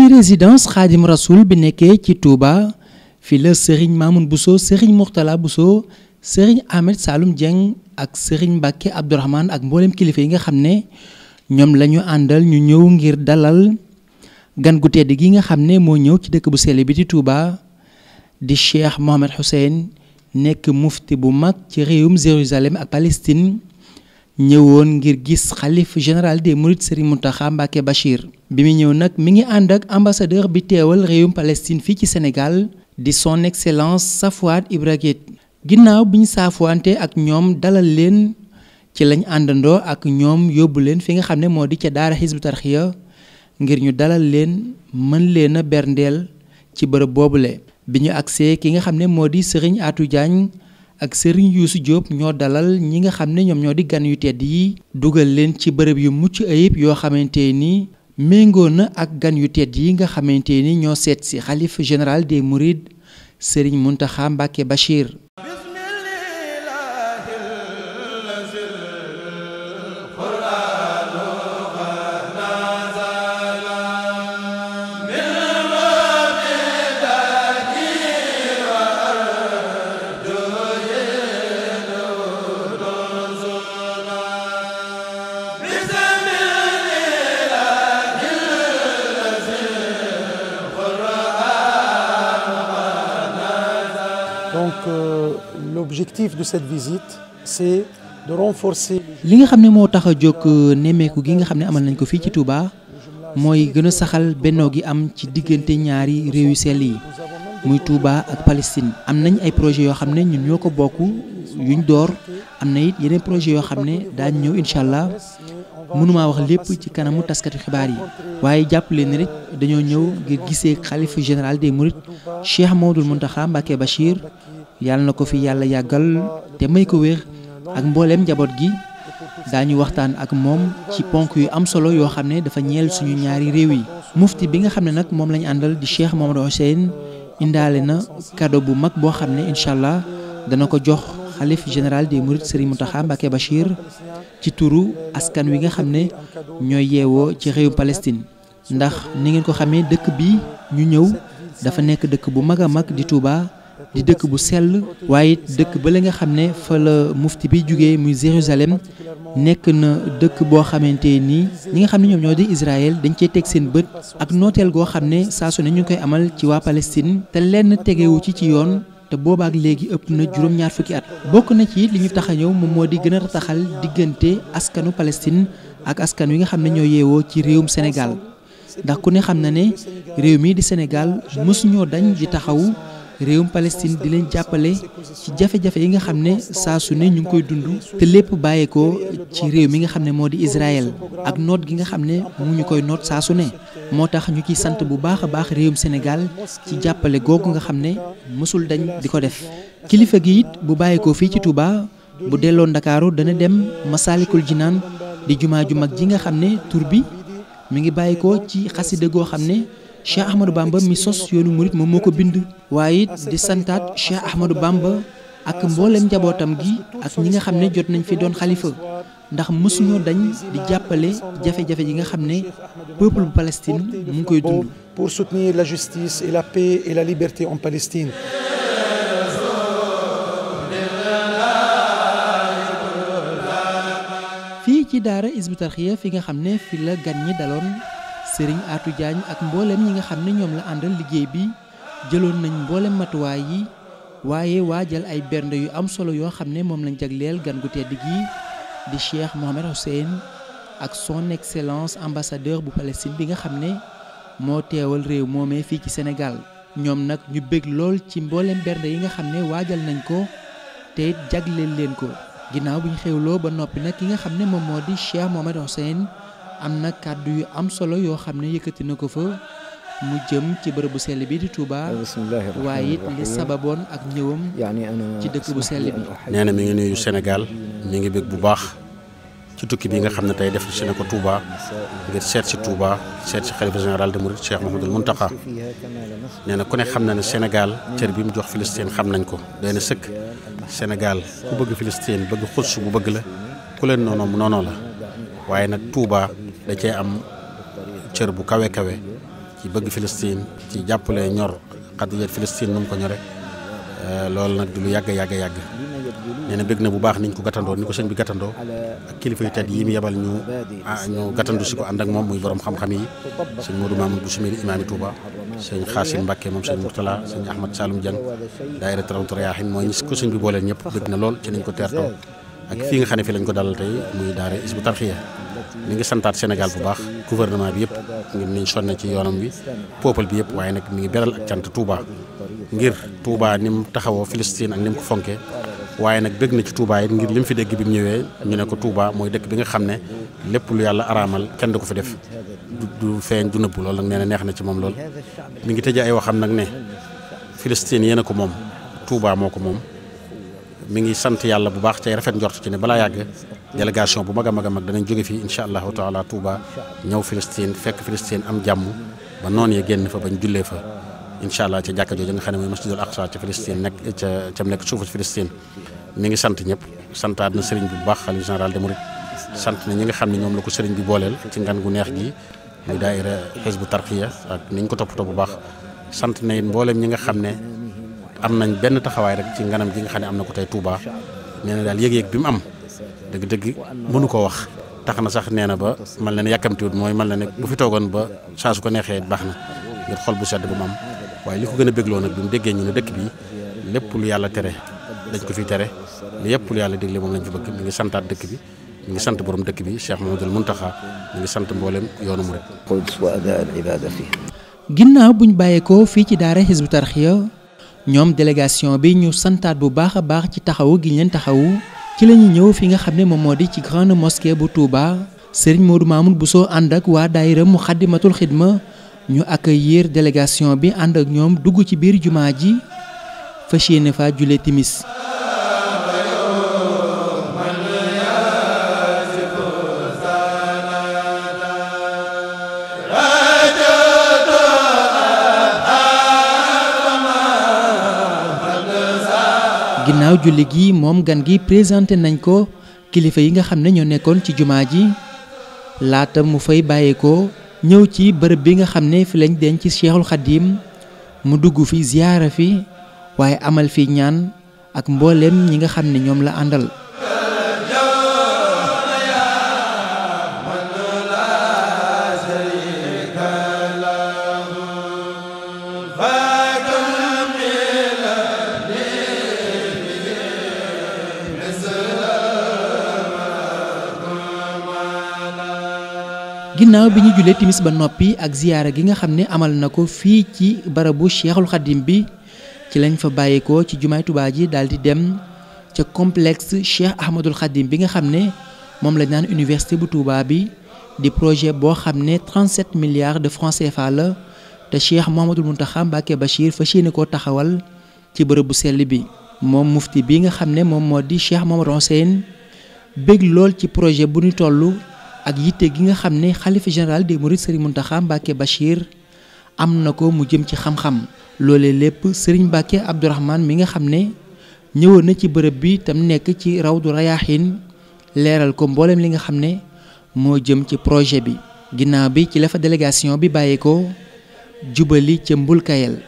ci résidence xaadim rasoul bi nekkee ci Touba fi la Serigne Mamoun Bousso Serigne Mourtala Bousso sëriñ Ahmed Saloum jeng ak Serigne Mbacke Abdourahmane ak mboolem kilifa yi nga xam ne ñoom lañu àndal ñu ñëw ngir dalal gan gu tedd gi nga xam ne moo ñëw ci dëkk bu sell bi di Touba di Cheikh Mohamed Hussein nekk mufti bu mag ci réewum Jérusalem ak Palestine ñëwoon ngir gis xalif général des mourides Serigne Mountakha Mbacké Bachir bi mu ñëw nag mi ngi ànd ak ambassadeur bi teewal réewum Palestine fii ci senegal di son excellence Safouat Ibra ginnaaw bi ñu saafuwante ak ñoom dalal leen ci lañ àndandoo ak ñoom yóbbu leen fi nga xam ne moo di ca daara Hizbut ngir ñu dalal leen mën leen a berndeel ci bërëb boobule bi ñu agsee ki nga xam ne moo di Serigne atu Diagne ak Serigne Youssou Diop ñoo dalal ñi nga xam ne ñoom ñoo di gan yu tedd yi dugal leen ci bërëb yu mucc ayib yoo xamante ni méngoo na ak gan yu tedd yi nga xamante ni ñoo seet si xalif général des sëriñ Serigne Mountakha Mbacké Bachir. l'objectif de cette visite li nga xam ne moo tax a jóg euh, nemmeeku gi nga xam ne amal nañ ko fii ci Touba mooy gën a saxal bennoo gi am ci diggante ñaari réew yu sell yi muy Touba ak Palestine. am nañ ay projets yoo xam ne ñun ñoo ko bokk yuñ door am na it yeneen projets yoo xam ne daañ ñëw incha allah mënumaa wax lépp ci kanamu taskati xibaar yi. waaye jàpp leen dañoo ñëw ngir gisee xalifa général des Mourides Cheikh Maodou Mountakha Mbacké Bachir. yàlla na ko fi yàlla yàggal te may ko wéer ak mbooleem njaboot gi daañu waxtaan ak moom ci ponk yu am solo yoo xam ne dafa ñeel suñu ñaari réew yi mufti bi nga xam ne nag moom lañu àndal di Cheikh Mamadou Hussein indaale na cadeau bu mag boo xam ne incha allah dana ko jox xalif général des mourides Serigne Mountakha Mbacké Bachir ci turu askan wi nga xam ne ñooy yeewoo ci réew Palestine ndax ni ngeen ko xamee dëkk bi ñu ñëw dafa nekk dëkk bu mag a mag di Touba di dëkk bu sell waaye it dëkk ba la nga xam ne fa la mufti bi jugee muy Jérusalem nekk na dëkk boo xamante nii ñi nga xam ne ñoom ñoo di israel dañ cee teg seen bët ak nooteel goo xam ne saasu su ne ñu koy amal ci waa Palestine te lenn tegewu ci ci yoon te boobaak léegi ëpp na juróom-ñaar fukki at bokk na ci li ñu tax a ñëw moom moo di gën a diggante askanu Palestine ak askan wi nga xam ne ñoo yeewoo ci réewum senegal ndax ku ne xam na ne réew mii di Sénégal mësuñoo dañ di taxaw réewum Palestine di leen jàppale ci jafe-jafe yi nga xam ne saa su ne ñu ngi koy dund te lépp bàyyeekoo ci réew mi nga xam ne moo di Israël ak noot gi nga xam ne mu ñu koy noot saasu ne moo tax ñu kiy sant bu baax a baax réewum senegal ci jàppale googu nga xam ne mosul dañ di ko def kilifa gi it bu bàyyeekoo fii ci tubaa bu delloo Ndakaaru dana dem Masaalikul Jinaan di jumaa ju mag ji nga xam ne tur bi mu ngi bàyyeekoo ci xasida goo xam ne Cheikh Ahmadou Bamba mi sos yoonu murit moom moo ko bind waaye di santaat Cheikh Ahmadou Bamba ak mboolem njabootam gi ak ñi nga xam ne jot nañ fi doon xalifa ndax mësuñoo dañ di jàppale jafe-jafe yi nga xam ne peuple bu Palestine mu ngi koy dund pour soutenir la justice et la paix et la liberté en Palestine fii ci daara Hizbut Tarqiyyah fi nga xam ne fi la gan ñi daloon Serigne Atou Diagne ak mbooleem ñi nga xam ne ñoom la àndal liggéey bi jëloon nañ mbooleem matuwaay yi waaye waajal ay bernde yu am solo yoo xam ne moom lañ jagleel gan gu tedd gi di Cheikh Mohamed Hussein ak son excellence ambassadeur bu Palestine bi nga xam ne moo teewal réew moomee fii ci senegal ñoom nag ñu bëgg lool ci mboolem bernde yi nga xam ne waajal nañ ko te jagleel leen ko ginnaaw bi ñu xewloo ba noppi nag ki nga xam ne moom moo di Cheikh Mohamed Hussein am na kàddu yu am solo yoo xam ne yëkkati na ko fa mu jëm ci bërëb bu sell bi di Touba waaye it li sababoon ak ñëwam ci dëkk bu sell bi. nee na mi ngi nuyu Sénégal mu ngi bëgg bu baax ci tukki bi nga xam ne tey def si ne ko Touba ngir seet si Touba seet si xalifa général de Mouride Cheikh Mouhamadoul Mountakha nee na ku ne xam na ne Sénégal cër bi mu jox Palestine xam nañ ko day na sëkk Sénégal ku bëgg Palestine bëgg xuts bu bëgg la ku leen noonu da cee am cër bu kawe kawe ci bëgg Filistin ci jàppale ñor xadiyat Filistin nu ko ñore euh, loolu nag du lu yàgg yàgg yàgg nee na bëgg na bu baax niñ ko gàttandoo ni ko sëñ bi gàttandoo ak kilifa yu tedd yi mu yebal ñu ah, ñu gàttandu si ko ànd ak moom muy borom xam-xam yi sëñ Modou Mamadou Boussoumil imaami Touba sëñ Xaasim Mbàkke moom sëñ Mourtala sëñ Ahmad Saloum Dieng daayira Rawdu Rayaahin mooy ñi ko sëñ bi booleel ñëpp bëgg na lool ci niñ ko teertoo ak fii nga xam ne fi lañ ko dalal ñu ngi santaat Sénégal bu baax gouvernement bi yëpp ngir niñ sonne ci yoonam wi peuple bi yëpp waaye nag mi ngi beral ak cant Touba ngir Touba ni mu taxawoo Palestine ak ni mu ko fonke waaye nag bëgg na ci Touba yi ngir li mu fi dégg bi mu ñëwee ñu ne ko Touba mooy dëkk bi nga xam ne lépp lu yàlla araamal kenn du ko fi def du feeñ du nëbb lool nag nee na neex na ci moom lool mi ngi tëjee ay waxam nag ne Palestine yéen a ko moom Touba moo ko moom mi ngi sant yàlla bu baax tey rafet njort ci ne balaa yàgg délégation bu mag a mag a mag danañ jóge fii incha allahu taala Touba ñëw Palestine fekk Palestine am jàmm ba noon ya génn fa bañ jullee fa incha allah ca jàkka jooju nga xam ne mooy masjidul aqsa ca Palestine nekk ngi sant ñëpp santaat na sëriñ bu baax xalifa général des mourides na ñi nga xam ne ñoom la ko sëriñ bi booleel ci ngan gu neex gi muy daayira xisbu tarxiya ak ni ñu ko toppatoo bu baax sant na it mboolem nga xam ne am nañ benn taxawaay rek ci nganam gi nga xam ne am na ko tey Touba nee na daal yëg-yëg bi mu am dëgg-dëgg mënu ko wax tax na sax nee na ba mel na ne yàkkamtiwut mooy mel na ne bu fi toogoon ba saa su ko neexee baax na ngir xol bu sedd bu mu am waaye li ko gën a bégloo nag bi mu déggee ñu ne dëkk bi lépp lu yàlla tere dañ ko fi tere lépp lu yàlla dégle moom lañ fi bëgg mi ngi santaat dëkk bi mu ngi sant borom dëkk bi Cheikh Mamadou Mountakha mi ngi sant mboolem yoonu murid. ginnaaw buñ bàyyeekoo fii ci daara Hizbut Tarqiyyah ñoom délégation bi ñu santaat bu baax a baax ci taxawu gi leen taxawu ci la ñëw fi nga xam ne moom moo di ci grande mosquée bu Touba Serigne Modou bu Bousso ànd ak waa daayira mu xaddimatul xidma ñu ak accueillir délégation bi ànd ak ñoom dugg ci biir jumaa ji fas yéene fa jullee timis ginnaaw julli gi moom gan gi présenté nañ ko kilifa yi nga xam ne ñoo nekkoon ci jumaa ji laata mu fay ko ñëw ci bërëb bi nga xam ne fi lañ denc ci Cheikhul Khadim mu dugg fi ziyaara fi waaye amal fi ñaan ak mbooleem ñi nga xam ne ñoom la àndal ginnaaw bi ñu julee timis ba noppi ak ziyaara gi nga xam ne amal na ko fii ci barabu Cheikhul Khadim bi ci lañ fa bàyyeekoo ci jumaay Tuubaa ji daal di dem ca complexe Cheikh Ahmadul Khadim bi nga xam ne moom lañ naan université bu Touba bi di projet boo xam ne 37 milliards de francs CFA la te Cheikh Mouhamadul Mountakha Mbacké Bachir fa yéene koo taxawal ci bërëbu sell bi. moom mufti bi nga xam ne moom moo di Cheikh Mamadou bëgg lool ci projet bu ñu toll ak yitte gi nga xam ne xalifa général des mourides Serigne Mountakha Mbacké Bachir am na ko mu jëm ci xam-xam loolee lépp Serigne Mbacké Abdourahmane mi nga xam ne ñëwoon na ci bërëb bi tam nekk ci raw rawdu rayaxin leeral ko mboolem li nga xam ne moo jëm ci projet bi. ginnaaw bi ci la fa délégation bi bàyyi ko jubali ca Mbulkayel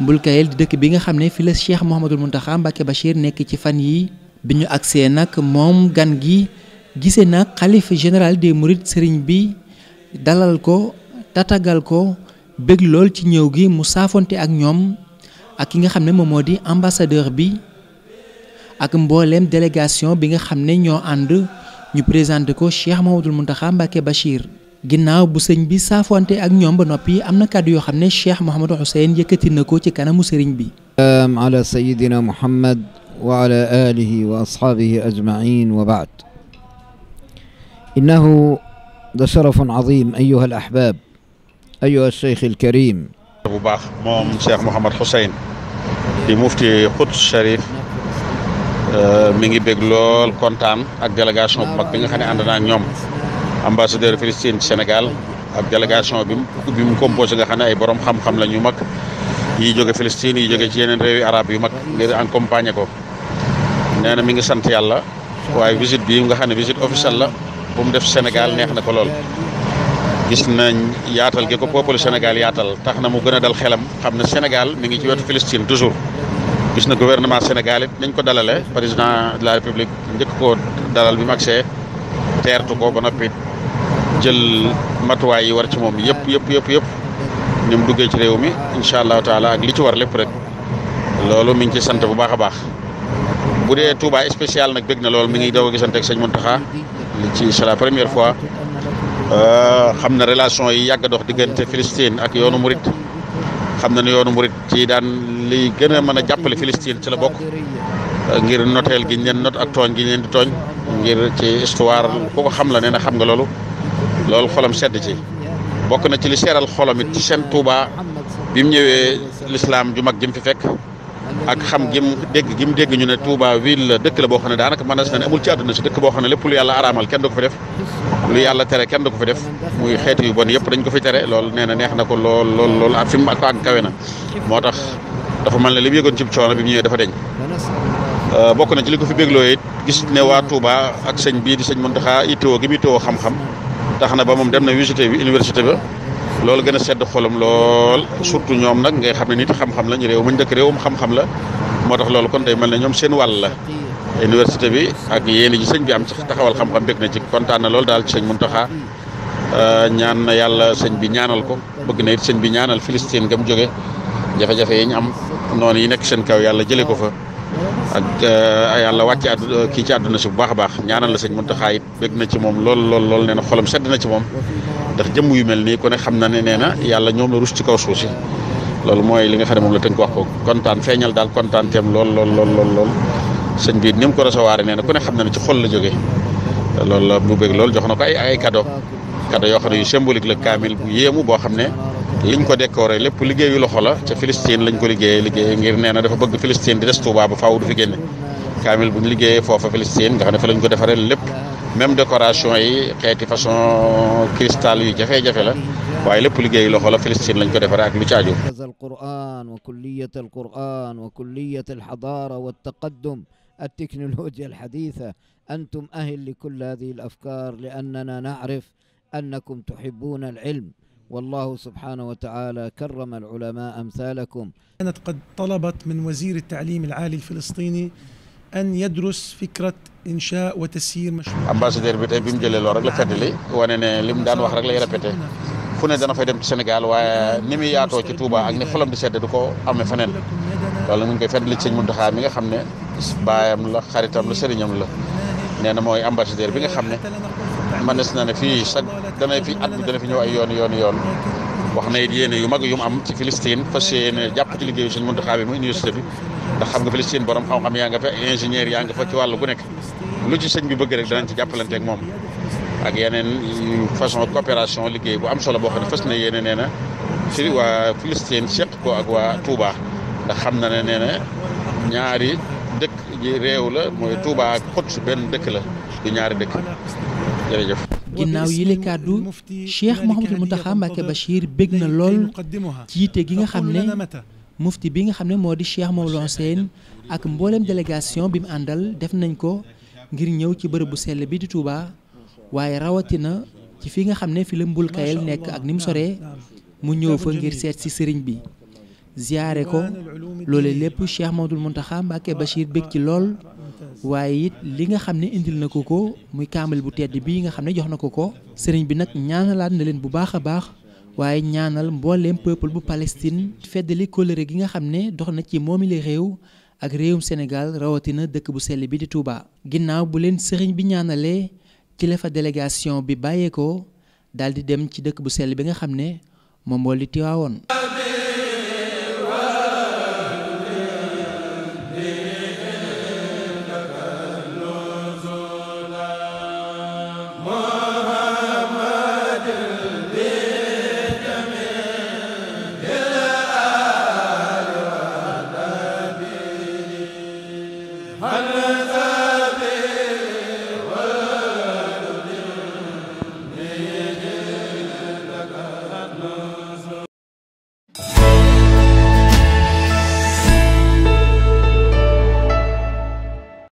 Mbulkayel di dëkk bi nga xam ne fi la Cheikh Mouhamadul Mountakha Mbacké Bachir nekk ci fan yi bi ñu agsee nag moom gan gi. gise na xalifa général des mourides sëriñ bi dalal ko tatagal ko bëgg lool ci ñëw gi mu saafonte ak ñoom ak ki nga xam ne moom moo di ambassadeur bi ak mbooleem délégation bi nga xam ne ñoo ànd ñu présenté ko Cheikh Mamadou Mountakha Mbacké Bachir. ginnaaw bu sëñ bi saafonte ak ñoom ba noppi am na kàddu yoo xam ne Cheikh Mouhamadou Hussein yëkkati na ko ci kanamu sëriñ bi. salaam ala sayyidina Muhammad wa ala wa ashaabihi ajmain wa baad. إنه لشرف عظيم أيها الأحباب أيها الشيخ الكريم bu baax moom Cheikh Mouhamad Hussein di mufti Quds Sharif mi ngi bég lool kontaan ak délégation bu mag bi nga xam ne ànd naa ñoom ambassadeur Palestine ci Sénégal ak délégation bi mu bi mu composé nga xam ne ay borom xam-xam la ñu mag yi jóge Palestine yi jóge ci yeneen réewi arab yu mag ngir accompagner ko nee na mi ngi sant yàlla waaye visite bi nga xam ne visite la bu def Sénégal neex na ko lool gis nañ yaatal gi ko peuple Sénégal yaatal tax na mu gën a dal xelam xam na Sénégal mi ngi ci wetu Palestine toujours gis na gouvernement Sénégal it nañ ko dalale président de la République njëkk koo dalal bi mu agsee teertu ko ba noppi jël matuwaay yi war ci moom yëpp yëpp yëpp yëpp ni duggee ci réew mi incha allah taala ak li ci war lépp rek loolu mi ngi ci sant bu baax a baax bu dee Touba spécial nag bëgg na loolu mi ngi doog a gisante ak sëñ Mountakha li ci la première fois euh, xam na relation yi yàgg dox diggante Palestine ak yoonu murit xam na ne yoonu murit ci daan li gën a mën a jàppale Palestine ci la bokk ngir noteel gi ñu leen not ak tooñ gi ñu leen di tooñ ngir ci histoire ku ko xam la nee na xam nga loolu loolu xolam sedd ci bokk na ci li seeral xolam ci seen Touba bi mu ñëwee l'islam ju mag jëm fi fekk ak xam gim dégg gim dégg ñu ne Touba ville la dëkk la boo xam ne daanaka mën na ne amul ci àdduna si dëkk boo xam ne lépp lu yàlla araamal kenn du ko fi def lu yàlla tere kenn du ko fi def muy xeet yu bon yëpp dañ ko fi tere lool nee na neex na ko lool lool lool ak fi mu ak ak kawe na moo tax dafa mel ne li mu ci coono bi mu ñëwee dafa deñ euh, bokk na ci li ko fi bégloo it gis ne waa Touba ak sëñ bii di sëñ Mountakha itoo gi mu itoo xam-xam tax na ba moom dem na visité bi université ba loolu gën a sedd xolam lool surtout ñoom nag ngay xam ne nit xam-xam lañ réew muñ dëkk réewum xam la moo tax loolu kon day mel ne ñoom seen wàll la université bi ak yéene ji sëñ bi am ci taxawal xam-xam bég na ci kontaan na loolu daal ci sëñ Muntaxa euh, ñaan na yàlla sëñ bi ñaanal ko bëgg na it sëñ bi ñaanal Filistin nga mu jóge jafe-jafe yi ñu am noonu yi nekk seen kaw yàlla jëlee ko fa ak eh, yàlla wàcc àdd eh, kii ci àdduna si bu baax baax ñaanal la sëñ Muntaxa it bég na ci moom lool lool lool nee na xolam sedd na ci moom ndax jëmm yu mel nii ku ne xam na ne nee na yàlla ñoom la rus ci kaw suuf si loolu mooy li nga xam ne moom la tënk wax ko kontaan feeñal daal kontaan teem lool lool lool lool lool bi ko recevoir nee na ku ne xam na ne ci xol la jógee loolu la bu bég loolu jox na ko ay ay cadeau yoo xam ne yu symbolique la kaamil bu yéemu boo xam ne liñ ko décoré lépp liggéeyu loxo la ca Philistine lañ ko liggéeyee liggéey ngir nee na dafa bëgg Philistine di des Touba ba faaw du fi génne kaamil bu ñu liggéeyee foofa Philistine nga xam ne fa lañ ko defaree lépp même décoration yi xeeti façon cristal yu jafe-jafe la waaye lépp liggéeyu loxo la Philistine lañ ko defaree ak lu ci aju al-Qur'an wa kulliyat al-Qur'an wa kulliyat al-hadara wa at-taqaddum التكنولوجيا الحديثة أنتم أهل لكل هذه الأفكار لأننا نعرف أنكم تحبون العلم والله سبحانه وتعالى كرم العلماء أمثالكم كانت قد طلبت من وزير التعليم العالي الفلسطيني أن يدرس فكرة إنشاء وتسيير مشروع ambassadeur bi tey bi mu jëlee lool rek la feddali wane ne li mu daan wax rek lay répété fu ne dana fay dem ci Sénégal waaye ni muy yaatoo ci Touba ak ni xolam di sedd du ko amee feneen loolu mu ngi koy feddali ci sëñ Muntaxa mi nga xam ne baayam la xaritam la sëriñam la nee na mooy ambassadeur bi nga xam ne manes na ne fii chaque dana fi at bi dana fi ñëw ay yoon yoon yoon wax na it yéene yu mag yu mu am ci Palestine fas yéene jàpp ci liggéeyu Sëñ Muntaxa bi mu université bi ndax xam nga Palestine borom xam-xam yaa nga fa ingénieur yaa nga fa ci wàllu gu nekk lu ci sëñ bi bëgg rek danañ ci jàppalante ak moom ak yeneen façon coopération liggéey bu am solo boo xam ne fas na yéene nee na fi waa Palestine seq ko ak waa Touba ndax xam na ne nee na ñaari dëkk ji réew la mooy Touba ak Quds benn dëkk la du ñaari dëkk jërëjëf. ginnaaw yi la kàddu Cheikh mu Mountakha Mbacké Bachir bég na lool ci yitte gi nga xam ne mufti bi nga xam ne moo di Cheikh Mawlon Sène ak mbooleem délégation bi mu àndal def nañ ko ngir ñëw ci bërëb bu sell bi di Touba waaye rawatina ci fi nga xam ne fi la Mboul nekk ak ni mu soree mu ñëw fa ngir seet si sëriñ bi. ziyaare ko loole lépp Cheikh Maodul Muntaxa Mbàkke Bachir bég ci lool waaye it li nga xam ne indil na ko ko muy kaamil bu tedd bii nga xam ne jox na ko ko sëriñ bi nag ñaanalaat na leen bu baax a baax waaye ñaanal mbooleem peuple bu Palestine feddali kóllëre gi nga xam ne dox na ci moomile réew ak réewum Sénégal rawatina dëkk bu sell bi di Touba. ginnaaw bu leen sëriñ bi ñaanalee ci la fa délégation bi bàyyeekoo daal di dem ci dëkk bu sell bi nga xam ne moom moo